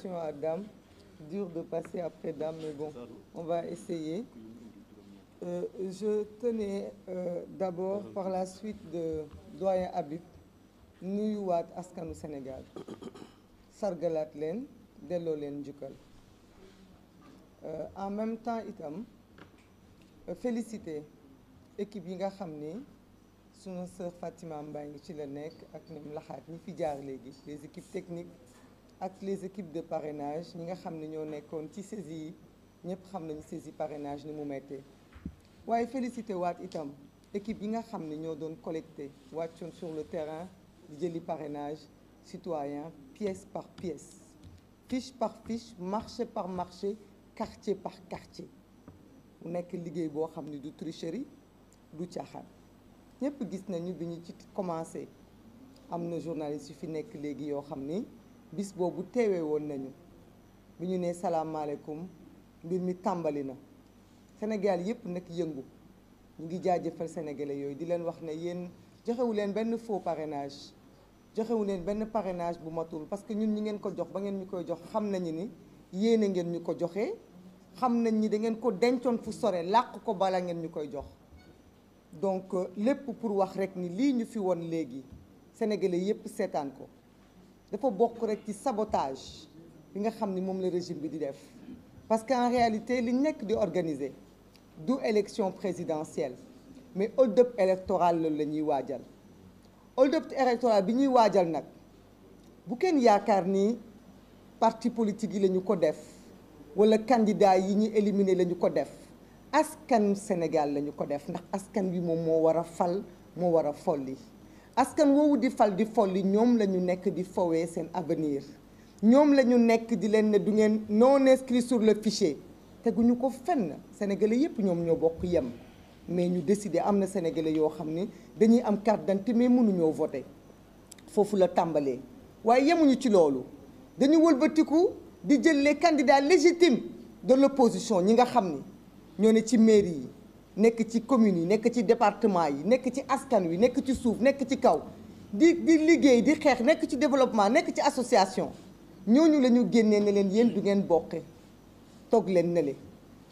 question à Dame dur de passer après Dame mais bon on va essayer euh, je tenais euh, d'abord par la suite de doyen Habib nuyuwaat askanu Sénégal sargalaat leen delloo leen njukkal Euh, en même temps itam euh, équipe yi nga xam ni sunu sœur Fatima Mbaye ngi ci la nekk ak ñoom laxaat ñi fi jaar léegi les équipes techniques ak les équipes de parrainage ñi nga xam ne ñoo nekkoon ci saisi yi ñëpp xam nañu saisi parrainage ni mu mettee waaye félicité waat itam équipe yi nga xam ne ñoo doon collecté wàccoon sur le terrain di jëli parrainage citoyen pièce par pièce fiche par fiche marché par marché quartier par quartier mu nekk liggéey boo xam ne du tricherie du caaxaan ñëpp gis nañu bi ñu ci commencé am na journaliste yu fi nekk léegi yoo xam ni bis boobu teewee woon nañu bi ñu nee salaamaaleykum mbir mi tàmbali na Sénégal yëpp nag yëngu ñu ngi jaajëfal sénégalais yooyu di leen wax ne yéen joxewu leen benn faux parenage joxewu leen benn parrainage bu matul parce que ñun ñi ngeen ko jox ba ngeen ñu koy jox xam nañu ni yéene ngeen ñu ko joxee xam nañ ni da ngeen ko dencoon fu sore làq ko bala ngeen ñu koy jox donc euh, lépp pour wax rek ni lii ñu fi woon léegi sénégalais yëpp seetaan ko dafa bokk rek ci sabotage bi nga xam ni moom la régime bi di def parce que en réalité li nekk di organiser du élection présidentielle mais hold-up électoral loolu la ñuy waajal hold-up électoral bi ñuy waajal nag bu kenn yaakaar ni parti politique yi la ñu ko def wala candidat yi ñu éliminer lañu ko def askan Sénégal lañu ko def ndax askan bi moom moo war a fal moo war a folli askan woowu di fal di folli ñoom la ñu nekk di fowee seen avenir ñoom la ñu nekk di leen ne du ngeen non inscrit sur le fichier teguñu ko fenn sénégalais yépp ñoom ñoo bokk yem mais ñu désidé am na sénégalais yoo xam ni dañuy am carte d'identité mais mënuñoo voter foofu la tàmbalee waaye yemuñu ci loolu dañu wëlbatiku di jël les candidats légitimes de l'opposition ñi nga xam ni ñoo ne ci mairie yi nekk ci communes yi nekk ci département yi nekk ci askan wi nekk ci suuf nekk ci kaw di di liggéey di xeex nekk ci développement nekk ci association ñooñu lañu ñu génnee ne leen yéen du ngeen bokkee toog leen ne le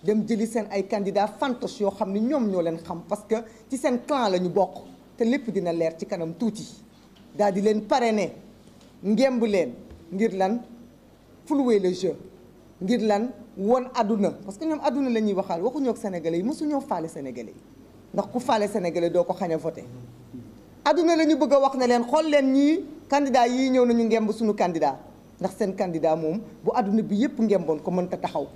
dem jëli seen ay candidats fantos yoo xam ne ñoom ñoo leen xam parce que ci seen clan la ñu bokk te lépp dina leer ci kanam tuuti daal di leen ne ngemb leen ngir lan flouer le jeu ngir lan won àdduna parce que ñoom àdduna la ñuy waxaal waxuñoo ak sénégalais yi mosuñoo faale sénégalais yi ndax ku faale sénégalais doo ko xañ a voté àdduna la ñu bëgg a wax na leen xool leen ñii candidat yii ñëw nañu ngemb suñu candidat ndax seen candidat moom bu àdduna bi yëpp ngemboon ko mënta taxaw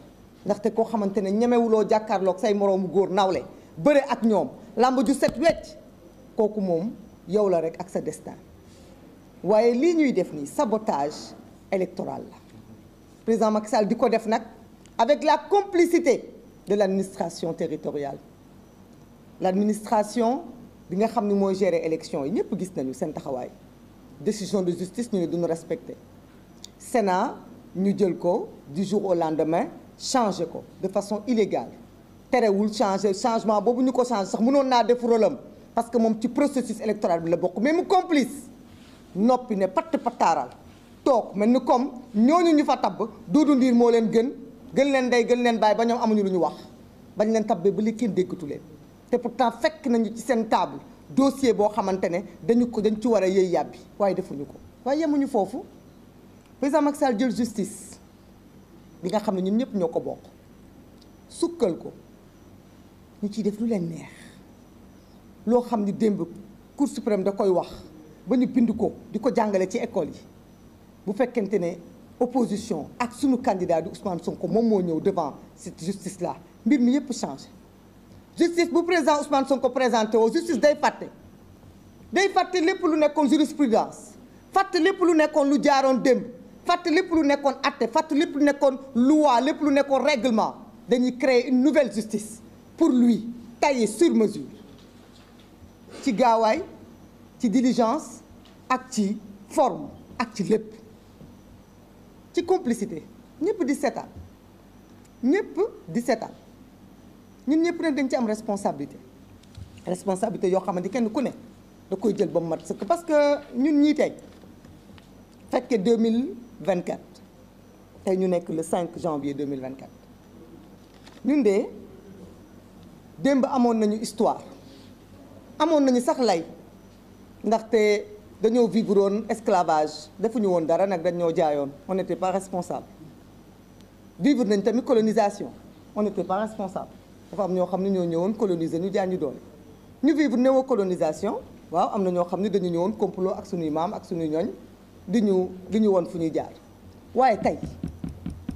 ndaxte koo xamante ne ñemewuloo jàkkaarloog say moroomu góor nawle bëre ak ñoom làmb ju set wecc kooku moom yow la rek ak sa destin waaye lii ñuy def nii sabotage électoral président Macky di ko def nag avec la complicité de l'administration territoriale l'administration bi nga xam ne mooy gérer élection yi ñëpp gis nañu seen taxawaay décision de justice ñu ne duñu respecter Sénat ñu jël ko du jour au lendemain changé ko de façon illégale terewul changé changement boobu ñu ko changé sax mënoon naa def rôlam parce que moom ci processus électoral bi la bokk mais mu complice noppi ne patt pattaaral toog mel ni comme ñooñu ñu fa tabb Doudou Ndir moo leen gën gën leen dey gën leen bàyyi ba ñoom amuñu lu ñu wax bañ leen table ba li kenn déggatu leen te pourtant fekk nañu ci seen table dossier boo xamante ne dañu ko dañ ci war a yëy yàbbi waaye defuñu ko waaye yemuñu foofu président Macky Sall jël justice bi nga xam ne ñun ñëpp ñoo ko bokk sukkal ko ñu ciy def lu leen neex loo xam ni démb Cour suprême da koy wax ba ñu bind ko di ko jàngale ci école yi bu fekkente ne opposition ak sunu candidat di Ousmane ko moom moo ñëw devant cette justice là mbir mi yëpp changé justice bu président Ousmane Sonko présenté woo justice day fàtte day fàtte lépp lu nekkoon jurisprudence fàtte lépp lu nekkoon lu jaaroon démb fàtte lépp lu nekkoon atte fàtte lépp lu nekkoon loi lépp lu nekkoon règlement dañuy créer une nouvelle justice pour lui taillée sur mesure ci gaawaay ci diligence ak ci forme ak ci lépp ci complicité ñëpp di seetaan ñëpp di seetaan ñun ñëpp nag dañ ci am responsabilité responsabilité yoo xamante kenn ku ne da koy jël ba mu mat sëkk parce que ñun ñii tey fekkee 2024 tey ñu nekk le 5 janvier 2024 ñun de démb amoon nañu histoire amoon nañu sax lay ndaxte dañoo vivre woon esclavage defuñu woon dara nag dañoo jaayoon on n'était pas responsable vivre nañ tamit colonisation on n'était pas responsable dafa am ñoo xam ne ñoo ñëwoon coloniser ñu jaañu doon ñu vivre néocolonisation waaw am na ñoo xam ne dañu ñëwoon complot ak suñuy maam ak suñuy ñooñ di ñu di ñu woon fu ñuy jaar waaye tey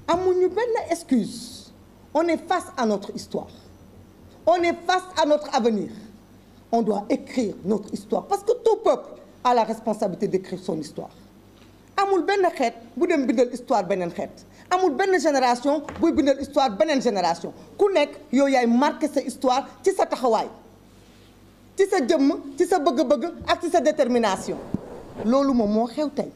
amuñu benn excuse on est face à notre histoire on est face à notre avenir on doit écrire notre histoire parce que tout peuple a la responsabilité d'écrire son histoire amul benn xeet bu dem bindal histoire beneen xeet amul benn génération buy bindal histoire beneen génération ku nekk yow yaay marqué sa histoire ci sa taxawaay ci sa jëmm ci sa bëgg-bëgg ak ci sa détermination loolu moom moo xew tey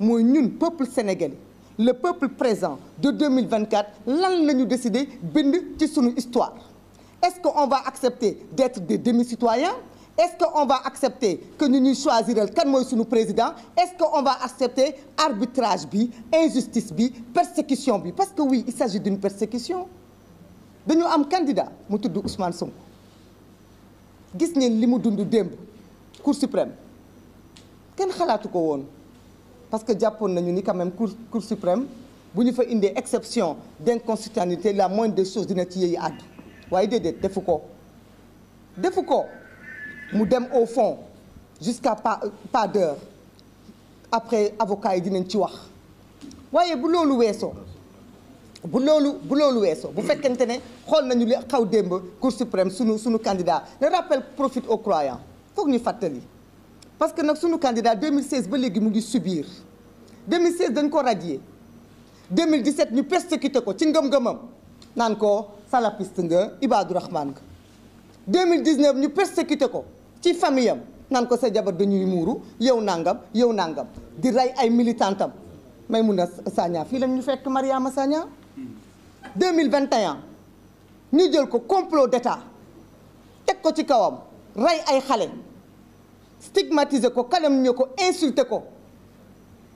mooy ñun peuple sénégalais le peuple présent de 2024 lan la ñu décidé bind ci sunu histoire est-ce on va accepter d'être des demi-citoyens est-ce que on va accepter que ñu ñuy choisiral kan mooy suñu président est-ce que on va accepter arbitrage bi injustice bi persécution bi parce que oui il s'agit d'une persécution dañu am candidat mu tudd Ousmane Sonko gis ngeen li mu dund démb cour suprême kenn xalaatu ko woon parce que jàppoon nañu ni quand même cour suprême bu ñu fa indee exception d'inconstitutionnalité la moindre de choses dina ci yeeyu àddu waaye déedéet defu ko defu ko mu dem au fond jusqu'à pas pas d'heure après avocat yi dinañ ci wax waaye bu loolu weesoo bu loolu bu loolu weesoo bu fekkente ne xool nañu li xaw démb cour suprême sunu sunu candidat le rappel profite aux croyants foog ñu fàttali parce que nag sunu candidat 2016 ba léegi mu ngi subir 2016 dañ ko radier 2017 ñu persécuté ko ci ngëm-ngëmam naan ko salapiste nga Ibadou Rahman nga 2019 ñu persécuté ko ci famille am naan ko sa jabar dañuy muuru yow nangam yow nangam di rey ay militantam Maimouna Sagna fii la ñu fekk Mariama Sagna 2021 ñu jël ko complot d'état teg ko ci kawam rey ay xale stigmatiser ko calomnier ko insulter ko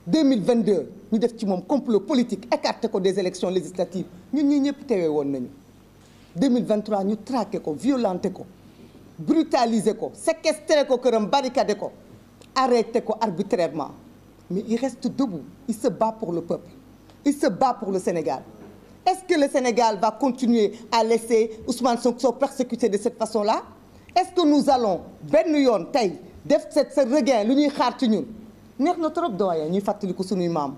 deux mille 2022 ñu def ci moom complot politique écarté ko des élections législatives ñu ñii ñëpp teewee woon nañu 2023 ñu traqué ko violenté ko brutaliser ko séquestrer ko këram barricader ko arrêter ko arbitrairement mais il reste debout il se bat pour le peuple il se bat pour le Sénégal est-ce que le Sénégal va continuer à laisser Ousmane Sonko persécuté de cette façon-là est-ce que nous allons benn yoon tey def cette ce regain li ñuy xaar ci ñun neex na trop doyen ñuy fàttali ko suñuy maam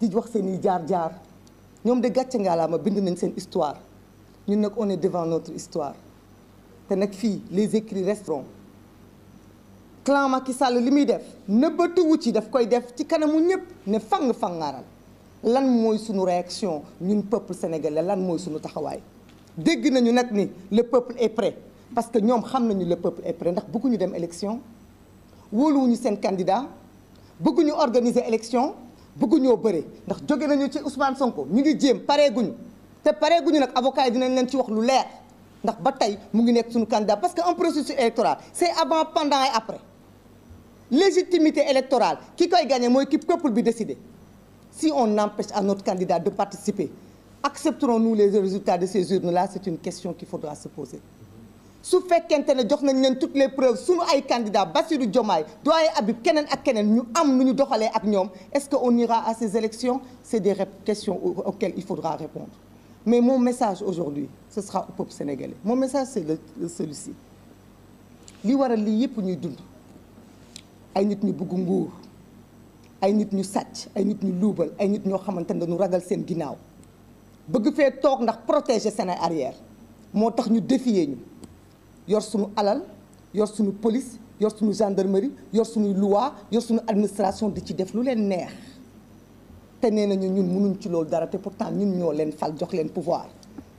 di wax seen i jaar-jaar ñoom de gàcce ma bind nañ seen histoire ñu nekk on est devant notre histoire te nag fii les écrits resteront clan Macky sàll li muy def nëbbatuwu ci daf koy def ci kanamu ñëpp ne fang fangaaral lan mooy sunu réaction ñun peuple sénégalais lan mooy suñu taxawaay dégg nañu nag ni le peuple est prêt parce que ñoom xam nañu le peuple est prêt ndax bëgguñu dem élection wóoluwuñu seen candidat bëgguñu organiser élection bëgguñoo bëre ndax jóge nañu ci Ousmane Sonko ñu ngi jéem pareeguñu te pareeguñu nag avocat yi dinañ leen ci wax lu leer. ndax ba tey mu ngi nekk suñu candidat parce que un processus électoral c'est avant pendant et après légitimité électorale ki koy gagné mooy ki peuple bi décidé si on empêche à notre candidat de participer accepterons-nous les résultats de ces urnes-là c'est une question qu'il faudra se poser su fekkente ne jox nañ leen toutes les preuves suñu ay candidats Bassirou Diomaye doyen Habib keneen ak keneen ñu am nu ñu doxalee ak ñoom est-ce qu'on ira à ces élections c'est des questions auxquelles il Mais mon message aujourd'hui, ce sera au peuple sénégalais. Mon message, c'est celui-ci. li waral lii yëpp ñuy dund ay nit ñu bëgg nguur ay nit ñu sàcc ay nit ñu luubal ay nit ñoo xamante ne dañu ragal seen ginnaaw bëgg fee toog ndax protéger seen arrière moo tax ñu défier ñu yor suñu alal yor suñu police yor suñu gendarmerie yor suñu loi yor suñu administration di ci def lu leen neex te nee nañu ñun mënuñ ci loolu dara te pourtant ñun ñoo leen fal jox leen pouvoir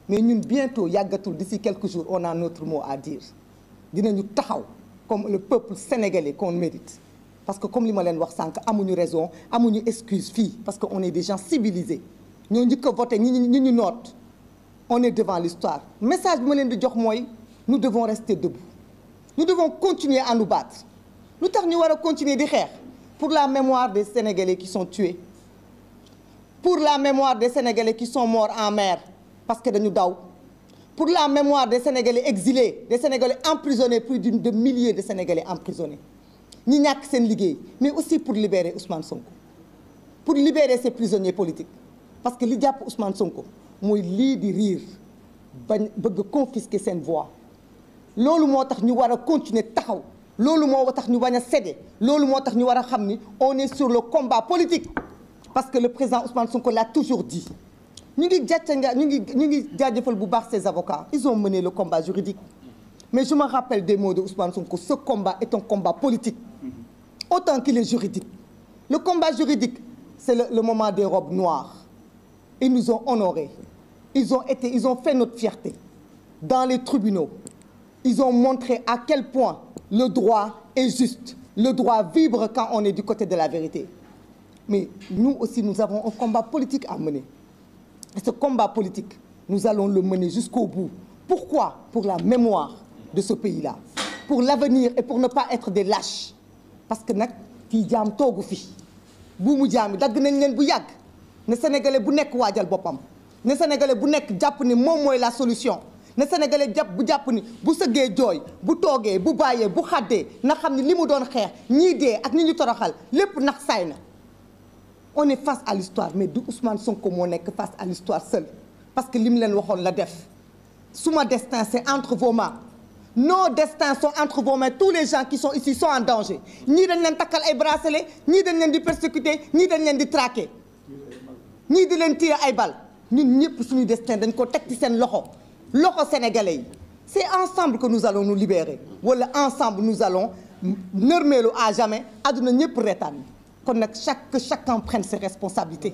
mais ñun bientôt yàggatul di si quelque jours on a notre mot à dina ñu taxaw comme le peuple sénégalais qu'on mérite parce que comme li ma leen wax sànq amuñu raison amuñu excuse fii parce que on est des gens civilisés ñoo njëkk a voté ñi ñi ñu noot on est devant l'histoire message bi ma leen di jox mooy nous devons rester debout nous devons continuer à nous battre lu tax ñu war a continuer di xeex pour la mémoire des Sénégalais qui sont tués pour la mémoire de Sénégalais qui sont morts en mer parce que dañu daw pour la mémoire des Sénégalais exilés des Sénégalais emprisonnés plus d'une de milliers de Sénégalais emprisonnés ñi ñàkk seen liggéey mais aussi pour libérer Ousmane Sonko pour libérer ces prisonniers politique parce que li jàpp Ousmane Sonko mooy lii di riir bañ bëgg confisquer seen voix loolu moo tax ñu war a continuer taxaw loolu moo tax ñu bañ a céder loolu moo tax ñu war a xam ni on est sur le combat politique parce que le président Ousmane Sonko l'a toujours dit ñu ngi jàcce nga ñu ngi ñu ngi jaajëfal bu baax ses avocats ils ont mené le combat juridique mais je me rappelle des mots de Ousmane Sonko ce combat est un combat politique mm-hmm. autant qu'il est juridique le combat juridique c'est le, le moment des robes noires ils nous ont honorés ils ont été ils ont fait notre fierté dans les tribunaux ils ont montré à quel point le droit est juste le droit vibre quand on est du côté de la vérité Mais nous aussi, nous avons un combat politique am mener. Et ce combat politique, nous allons le mener jusqu'au bout. Pourquoi Pour la mémoire de ce pays-là, pour l'avenir et pour ne pas être des lâches. Parce que nag fii jaam toogu fi bu mu yi dagg nañ leen bu yàgg na sénégalais bu nekk waajal boppam na sénégalais bu nekk jàpp ni moom mooy la solution ne sénégalais jàpp bu jàpp ni bu sëggee jooy bu toogee bu bàyyee bu xaddee na xam ni li mu doon xeex ñii dee ak ñi ñu toroxal lépp nax saay na on est face à l'histoire mais du Ousmane on moo nekk face à l'histoire seul parce que li mu leen waxoon la def suma destin c'est entre vos mains no destins sont entre vos mains tous les gens qui sont ici sont en danger ñii dañ leen takkal ay bracelet ñii dañ leen di persécuter ñii dañ leen di traquer ñii di leen tirer ay bal ñun ñëpp suñu destin dañ koo teg ci seen loxo loxo sénégalais yi c'est ensemble que nous allons nous libérer wala ensemble nous allons nërmeelu à jamais àdduna ñëpp reetaan kon nag chaque que chacun prenne ses responsabilités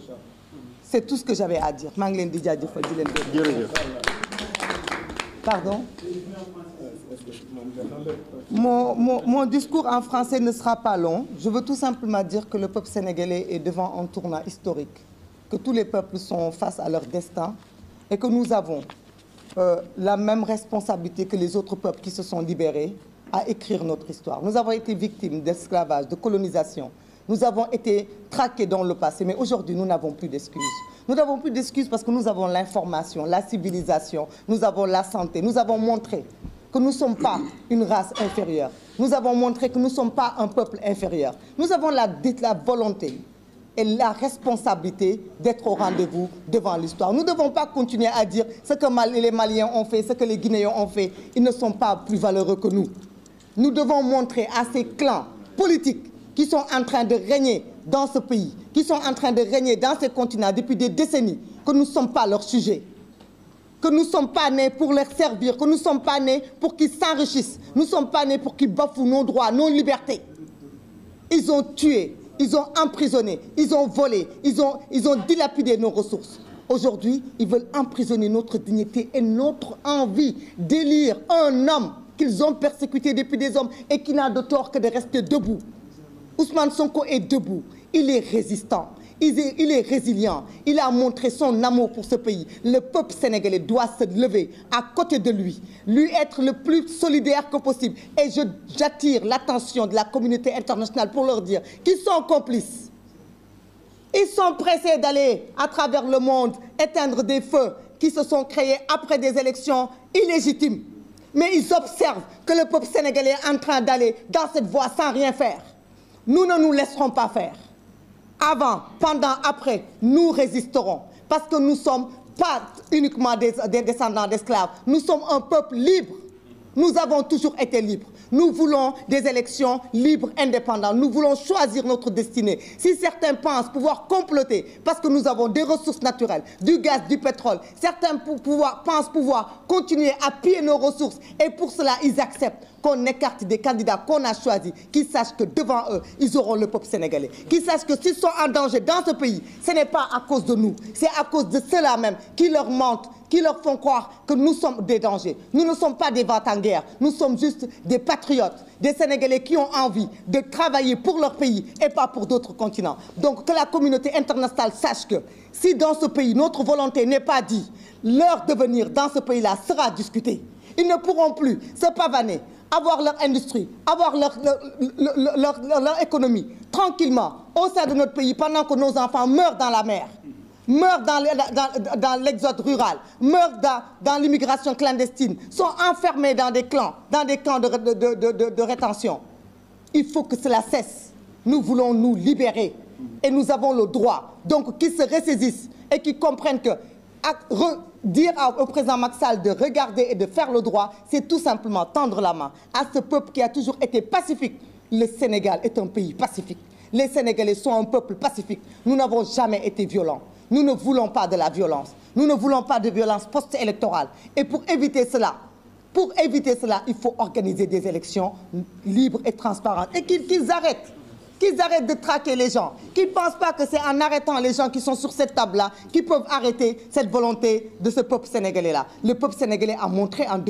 c'est tout ce que j'avais à dire maa ngi leen di jaajëfal di leen déglu. jërëjëf pardon. Mon, mon, mon discours en français ne sera pas long. Je veux tout simplement dire que le peuple sénégalais est devant un tournant historique, que tous les peuples sont face à leur destin et que nous avons euh, la même responsabilité que les autres peuples qui se sont libérés à écrire notre histoire. Nous avons été victimes d'esclavage, de colonisation. Nous avons été traqués dans le passé, mais aujourd'hui, nous n'avons plus d'excuses. parce que nous avons l'information, la civilisation, nous avons la santé. Nous avons montré que nous ne sommes pas une race inférieure. Nous avons montré que nous ne sommes pas un peuple inférieur. Nous avons la, la volonté et la responsabilité d'être au rendez-vous devant l'histoire. Nous ne devons pas continuer à dire ce que les Maliens ont fait, ce que les Guinéens ont fait. qui sont en train de régner dans ce pays, qui sont en train de régner dans ce continent depuis des décennies, que nous ne sommes pas leur sujet. Que nous ne sommes pas nés pour leur servir, que pour qu'ils s'enrichissent, nous ne sommes pas nés pour qu'ils bafouent nos droits, nos libertés. Ils ont tué, ils ont emprisonné, ils ont volé, ils ont, ils ont dilapidé nos ressources. Aujourd'hui, ils veulent emprisonner notre dignité et notre envie d'élire un homme qu'ils ont persécuté depuis des hommes et qui n'a de Ousmane Sonko est debout, il est il est, résilient, il a montré son amour pour ce pays. Le peuple sénégalais doit se lever à côté de lui, lui être le plus solidaire que possible. Et j'attire l'attention de la communauté internationale pour leur dire qu'ils sont complices. Ils sont pressés d'aller à travers le monde éteindre des feux qui se sont créés après des élections illégitimes. Mais ils observent que le peuple sénégalais est en train d'aller dans cette voie Nous ne nous laisserons pas faire. Avant, pendant, après, nous résisterons. Parce que nous ne sommes pas uniquement des, des descendants d'esclaves. Nous sommes un peuple libre. Nous avons toujours été libres. Nous voulons des élections libres, indépendantes. Nous voulons choisir notre destinée. Si certains pensent pouvoir comploter parce que nous avons des ressources naturelles, du gaz, du pétrole, certains pour pouvoir, pensent pouvoir continuer à piller nos ressources et pour cela ils acceptent. qu'on écarte des candidats qu'on a choisis, qu'ils sachent que devant eux, ils auront le peuple sénégalais. Qu'ils sachent que s'ils sont en danger dans ce pays, ce n'est pas à cause de nous, c'est à cause de ceux-là même qui leur mentent, qui leur font croire que nous sommes des dangers. Nous ne sommes pas des vents en guerre, nous sommes pour leur pays et pas pour d'autres continents. Donc que la communauté internationale sache que si dans ce pays, notre volonté n'est pas dit, leur devenir avoir leur industrie, avoir leur, leur, leur, leur, économie, tranquillement, au sein de notre pays, pendant que nos enfants meurent dans la mer, meurent dans l'exode rural, meurent dans, dans l'immigration clandestine, sont enfermés dans des clans, dans des camps de, de, de, de rétention. Il faut que cela cesse. Nous voulons nous libérer et nous avons le droit. Donc, qu'ils se ressaisissent et qu'ils comprennent que ak dire au président Macky Sall de regarder et de faire le droit c'est tout simplement tendre la main à ce peuple qui a toujours été pacifique le Sénégal est un pays pacifique les Sénégalais sont un peuple pacifique nous n'avons jamais été violents nous ne voulons pas de la violence nous ne voulons pas de violence post-électorale et pour éviter cela pour éviter cela il faut organiser des élections libres et transparentes et qu'ils qu'ils arrêtent qu'ils arrêtent de traquer les gens, qu'ils ne pensent pas que c'est en arrêtant les gens qui sont sur cette table-là qu'ils peuvent arrêter cette volonté de ce peuple sénégalais-là. Le peuple sénégalais a montré en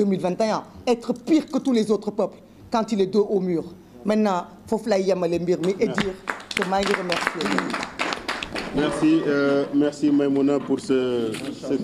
être pire que tous les autres peuples quand il est dos au mur. Maintenant, foofu lay yemale mbir mi et dire que maa remercier. Merci, euh, merci